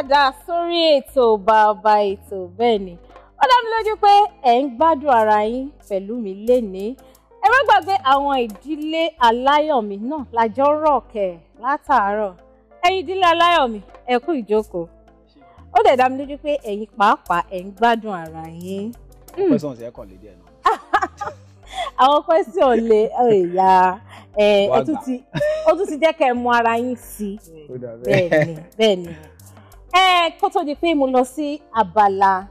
padà sórí ètò bàbá ètò bẹ́ẹ̀ ni ó dá mi lójú pé ẹ̀ ń gbádùn ara yín pẹ̀lú mi lénìí ẹ má gbàgbé àwọn ìdílé aláyọ̀mí náà lájọ rọ̀kẹ̀ látàárọ̀ ẹ̀yin ìdílé aláyọ̀mí ẹ kú ìjókòó ó dẹ̀ dá mi lójú pé ẹ̀yin pàápàá ẹ̀ ń gbádùn ara yín. pẹ́sọ̀n ti ẹ̀ kàn lé díẹ̀ náà. àwọn pẹ́sọ̀n lè ẹ̀yà ẹ̀ ó tún ti jẹ́ kẹ́ ẹ mú ara yín sí i bẹ́ẹ̀ ni bẹ́ẹ̀ ni ẹ kó tó di pé mo lọ sí abala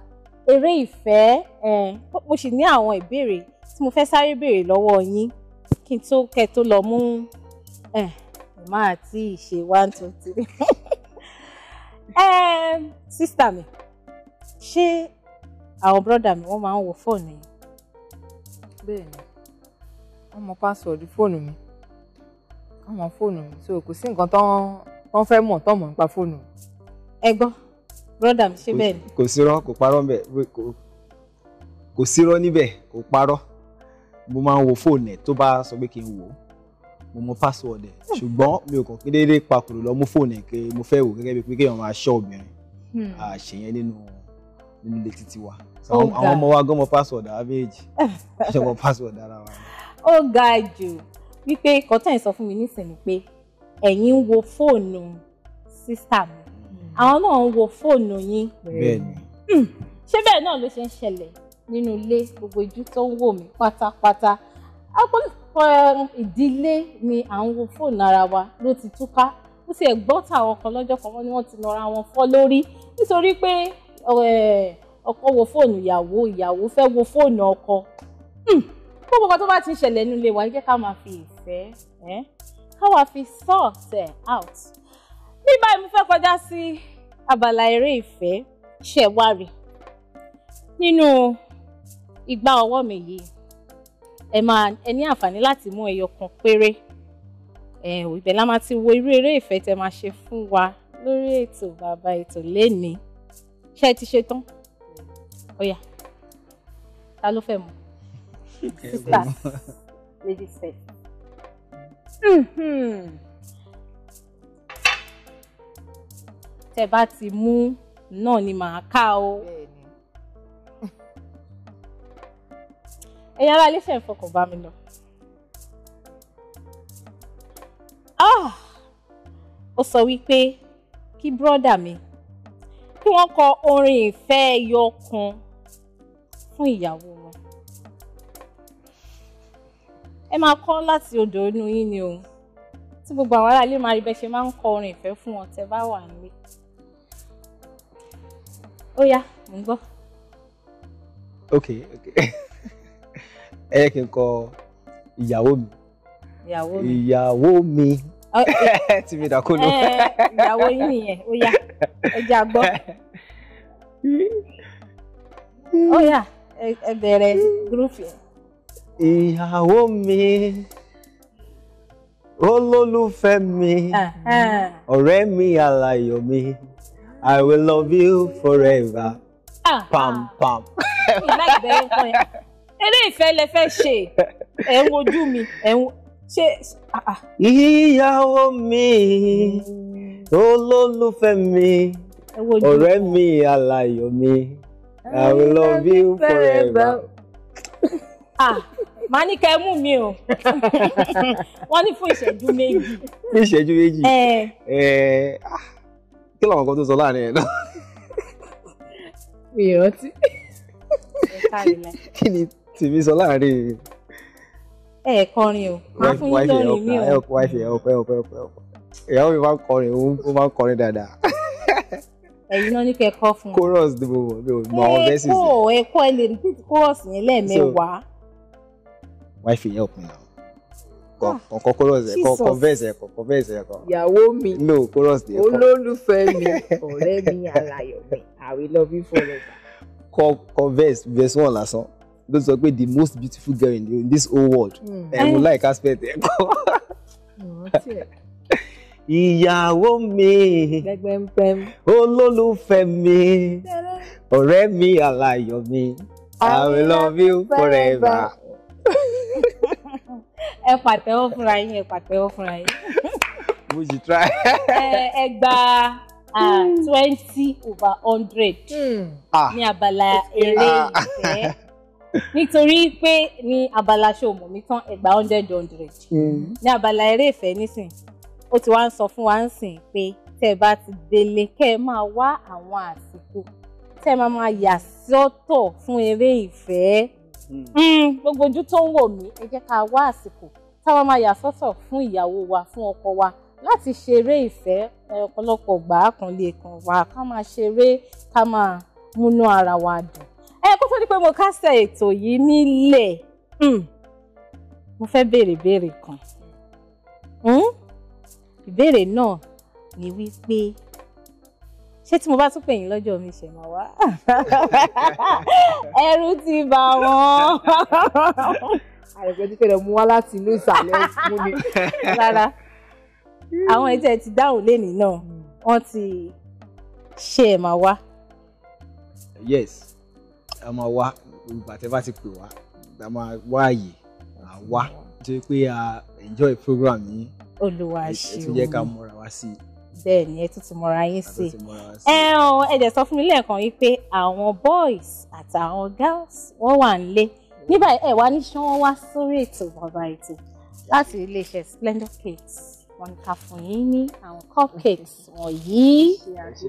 eré ìfẹ́ ẹ mo sì ní àwọn ìbéèrè tí mo fẹ́ sáré béèrè lọ́wọ́ yín kí n tó kẹ́ tó lọ mú ẹ màmá àti ìṣe one two three ẹ sísítà mi ṣé àwọn bọ́dà mi wọ́n máa ń wo fóònù yìí. bẹ́ẹ̀ni wọ́n mọ pásọọdù fóònù mi wọ́n mọ fóònù mi so kò sí nǹkan tán tán fẹ́ mọ̀ tán mọ̀ nípa fóònù mi ẹ gbọ́ broda mi ṣe bẹ́ẹ̀ ni. kò sírọ́ kò parọ́ ńbẹ̀ kò sírọ́ níbẹ̀ kò parọ́ mo máa ń wo fóònù ẹ̀ tó bá sọ pé kí n wò ó mo mọ password ẹ̀ hmm. ṣùgbọ́n mi ò kàn pé déédéé pakùrù lọ mú fóònù ẹ̀ pé mo fẹ́ wò gẹ́gẹ́ bíi pé kéèyàn máa ṣọ́ obìnrin àṣeyẹn hmm. nínú nínú ilé títí wa àwọn ọmọ wa gan mọ password ara méjì ṣe mọ password ara wa. ó ga jù wípé kọ́tẹ́ ẹ̀ sọ fún mi nísìnyí pé ẹ̀yin ń wo fóònù sísá mi àwọn náà ń wo fóònù yín. bẹ́ẹ̀ni. Hmm. ṣé bẹ́ẹ̀ náà ló ṣe ń ṣẹlẹ̀ nínú ilé gbogbo ojú tó ń wò mí pátápátá ọ̀pọ̀lọpọ̀ um, ìdílé ni à ń wo fóònù ara wa ló ti túká ó sì gbọ́ tàwọn kan lọ́jọ́ kan wọ́n ní wọ́n ti nọra wọn fọ́ lórí nítorí pé um, ọkọ wo fóònù ìyàwó ìyàwó fẹ́ wo fóònù ọkọ hmm. gbogbo kan tó bá ti ń ṣẹlẹ̀ nílé wa jẹ́ ká máa fi ìfẹ́ ká wàá fi sort out bí báyìí mo fẹ́ kọjá sí abala eré ìfẹ́ ṣẹ̀wárì nínú igbá ọwọ́ mi yìí ẹ máa ẹ ní àǹfààní láti mú ẹyọ kan péré ẹ ò ibẹ̀ la máa ti wo irú eré ìfẹ́ tẹ máa ṣe fún wa lórí ètò bàbá ètò lénìí ṣé ti ṣe tán ó ta ló fẹ́ mọ̀ sisters ladies first. tẹ bá ti mú náà ni màá kà o. ẹ̀yin ará ilé ṣe ń fọkàn bá mi lọ. Ah! ó sọ wípé kí bírọ́dà mi kí wọ́n kọ orin ìfẹ́ ẹyọ kan fún ìyàwó wọn. ẹ máa kọ́ láti odò inú yín ni o tí gbogbo àwọn aráàlú máa rí bẹ́ẹ̀ ṣe máa ń kọ orin ìfẹ́ fún wọn tẹ́ bá wà nílé. Oh yá mò ń gbọ́. ok ok ẹ yẹ kí n kọ ìyàwó mi ìyàwó mi ìyàwó mi oh, ti fi dàkó lọ. Eh, ìyàwó yín nìyẹn ó oh, yá ẹ jẹ́ àgbọ́. ó oh, yá ẹ bẹ̀rẹ̀ gúrúùfù yẹn. ìyàwó mi olólùfẹ́ mi ọ̀rẹ́ mi àlàyọ̀ mi. I will love you forever. Ah, pam ah. pam. Ìlà ìbẹ̀rù kan yẹn. Eré ìfẹ́ lẹ fẹ́ ṣe. Ẹ̀ ń wojú mi. Ẹ̀ ń ṣe. Ah, ah. Ìyàwó mi, olólùfẹ́ mi, ọ̀rẹ́ mi, aláyọ̀ mi, I will love you forever. Ah, màá ní kẹ́ mú mi o. Wọ́n ní fún ìṣẹ́jú méjì. Fún ìṣẹ́jú méjì kí làwọn kan tó sọ láàrin ẹ̀ náà. mi ò rántí. kí ni tèmi sọ láàrin. ẹ ẹ kọrin o máa fún yín lọrin mi o. ẹ ọkọ wáìfì ẹ ọkọ ẹ ọkọ ẹ ọkọ ìyàwó mi máa ń kọrin ó máa ń kọrin ni mo mọ àwọn verses. ẹ kó kọ̀ọ̀kan chorus ẹ̀ kọ̀ọ̀kan verse ẹ̀ kọ̀ọ̀kan verse ìyàwó mi olólùfẹ́ mi ọ̀rẹ́ mi alayọ̀ mi I will love you forever. verse verse one lásán ló sọ pé the most beautiful girl in, the, in this whole world hmm. ẹ̀ mo eh. like aspect ẹ̀ kọ́. ìyàwó mi olólùfẹ́ mi ọ̀rẹ́ mi alayọ̀ mi I will love you forever. ẹ pàtẹ́wọ́ fúnra yín ẹ pàtẹ́wọ́ fúnra yín. mo sì try. ẹ gba hmm. twenty over hundred hmm. ah. ní abala ah. eré ah. ìfẹ́ nítorí pé ní abala ṣé o mọ̀ mi tán ẹgbàá hundred hundred hmm. ní abala eré ìfẹ́ nísìn ó ti wá ń sọ fún wa ń sìn pé tẹ́ ẹ bá ti délé kẹ́ ẹ máa wá àwọn àsìkò tẹ́ ẹ máa máa yà sọ́tọ̀ fún eré ìfẹ́ gbogbo ojú tó ń wò mí ẹ jẹ́ ká wá àsìkò táwa máa yà sọ́tọ̀ fún ìyàwó wa fún ọkọ wa láti ṣeré ìfẹ́ ọ̀pọ̀lọpọ̀ gbà kan lè kàn wá ká máa ṣeré ká máa múnú ara wa dùn. ẹ kó tó di pé mo kásẹ̀ ètò yìí nílẹ̀ hmm, mo fẹ́ béèrè béèrè kan hmm? ìbéèrè náà ni wípé ṣé tí mo bá tún pè yín lọ́jọ́ mi ṣe máa wá ẹ̀rù ti bà wọ́n. àròpẹ́ tí kẹlẹ̀ mú wá láti inú ìsàlẹ̀ mú mi rárá àwọn ètò ẹ̀ ti dáhùn lénìí náà hmm. wọ́n ti ṣe ẹ̀ máa wá. yes a máa wá olùbàtẹ́ bá ti pè wá a máa wá àyè à wá nítorí pé a enjoy program yìí olùwà ṣeun ẹ tún jẹ́ ká múra wá sí i bẹ́ẹ̀ ni ẹ tún ti mọra yín sí ẹ ẹ dẹ̀ sọ fún mi lẹ́ẹ̀kan wípé àwọn boys àtàwọn girls wọ́n wà nílé ní báyìí ẹ wá ní ṣé wọ́n wá sórí ètò bàbá ètò láti iléeṣẹ́ Splendor Cakes wọ́n ká fún yín ní àwọn cupcakes wọ̀nyí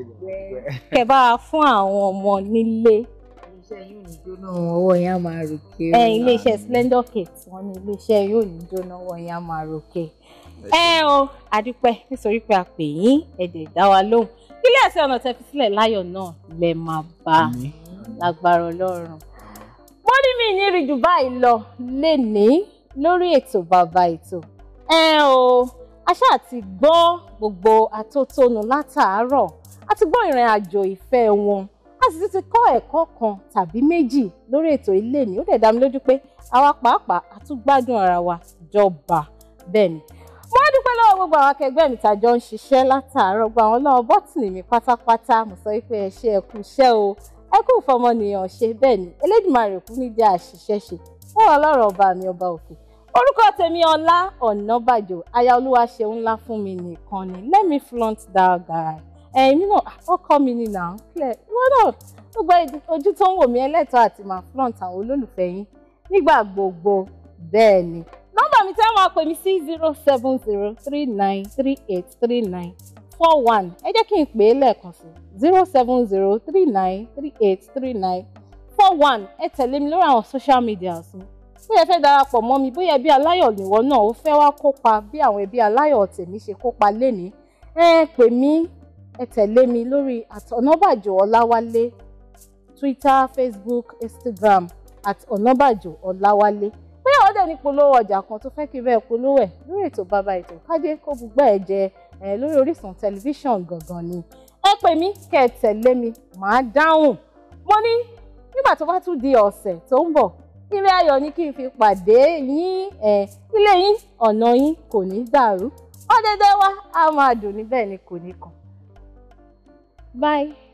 kẹ́ bá fún àwọn ọmọ nílé iléeṣẹ́ yóò ní jóná Splendor Cakes wọ́n ní iléeṣẹ́ yóò ní jóná ọwọ́ yẹn á máa ròkè. ẹ o àdúpẹ́ nítorí pé a pè yín ẹ̀dẹ̀ dá wa lóhùn ilé ẹ̀sẹ̀ ọ̀nà tẹ́ sílẹ̀ láyọ̀ náà lẹ máa bá lágbára Ọlọ́run mi ní rí jù báyìí lọ lénìí lórí ètò bàbá ètò ẹ o a ṣáà ti gbọ́ gbogbo atótónu látàárọ̀ a ti gbọ́ ìrìn àjò ìfẹ́ wọn a sì ti kọ́ ẹ̀kọ́ kan tàbí méjì lórí ètò ilé ní ó dẹ̀ dá mi lójú pé àwa pàápàá a tún gbádùn ara wa jọba bẹ́ẹ̀ ni mo dúpẹ́ lọ́wọ́ gbogbo àwọn akẹgbẹ́ mi tàjọ ń ṣiṣẹ́ látàárọ̀ gba àwọn lọ́wọ́ bọ́tìnì mi pátápátá mo sọ wípé ẹ ṣé ẹ kú iṣẹ́ o ẹ kú ìfọmọnìyàn ṣe bẹ́ẹ̀ ni Elédùmarè kú ní jẹ́ àṣìṣe ṣe fún Ọlọ́run ọba mi ọba òkè orúkọ tèmi Ọlá Ọ̀nàbàjò aya Olúwa ṣeun ńlá fún mi nìkan ni let me front that guy ẹ̀yin mímọ̀ ọkọ ah, mi ni là ń kílẹ̀ wọ́n náà gbogbo ojú tó ń wò mí ẹlẹ́tọ̀ọ́ àti máa flaunt àwọn olólùfẹ́ yín nígbà gbogbo bẹ́ẹ̀ ni nọ́mbà mi tẹ́ wọ́n á pè mí sí zero seven zero three nine three eight three nine four one ẹ jẹ́ kí n pè é lẹ́ẹ̀kan sí zero seven zero three nine three eight three nine four one ẹ tẹ̀lé mi lórí àwọn social media mi bóyá fẹ́ darapọ̀ mọ́ mi bóyá ẹbí aláyọ̀ nìwọ náà ó fẹ́ wá kópa bí àwọn ẹbí aláyọ̀ tèmi ṣe kópa lénìí ẹ pè mí ẹ tẹ̀lé mi lórí àtọ̀nàbàjò ọláwálé twitter facebook instagram at ọ̀nàbàjò ọláwálé bóyá ọ̀dẹ̀ ní polówó ọjà kan tó fẹ́ kí bẹ́ẹ̀ polówó ẹ̀ lórí ètò bàbá ètò kájé kó gbogbo ẹ̀ jẹ́ lórí Orísun tẹlifíṣàn gangan ni ẹ pè mí kẹ́ ẹ tẹ̀lé mi màá dáhùn mo ní nígbà tó bá tún di ọ̀sẹ̀ tó ń bọ̀ ilé ayọ̀ ni kí n fi pàdé yín ilé yín ọ̀nà yín kò ní dàrú ọ̀dẹ̀dẹ̀ wa á máa dùn níbẹ̀ ni kò ní kàn. bye.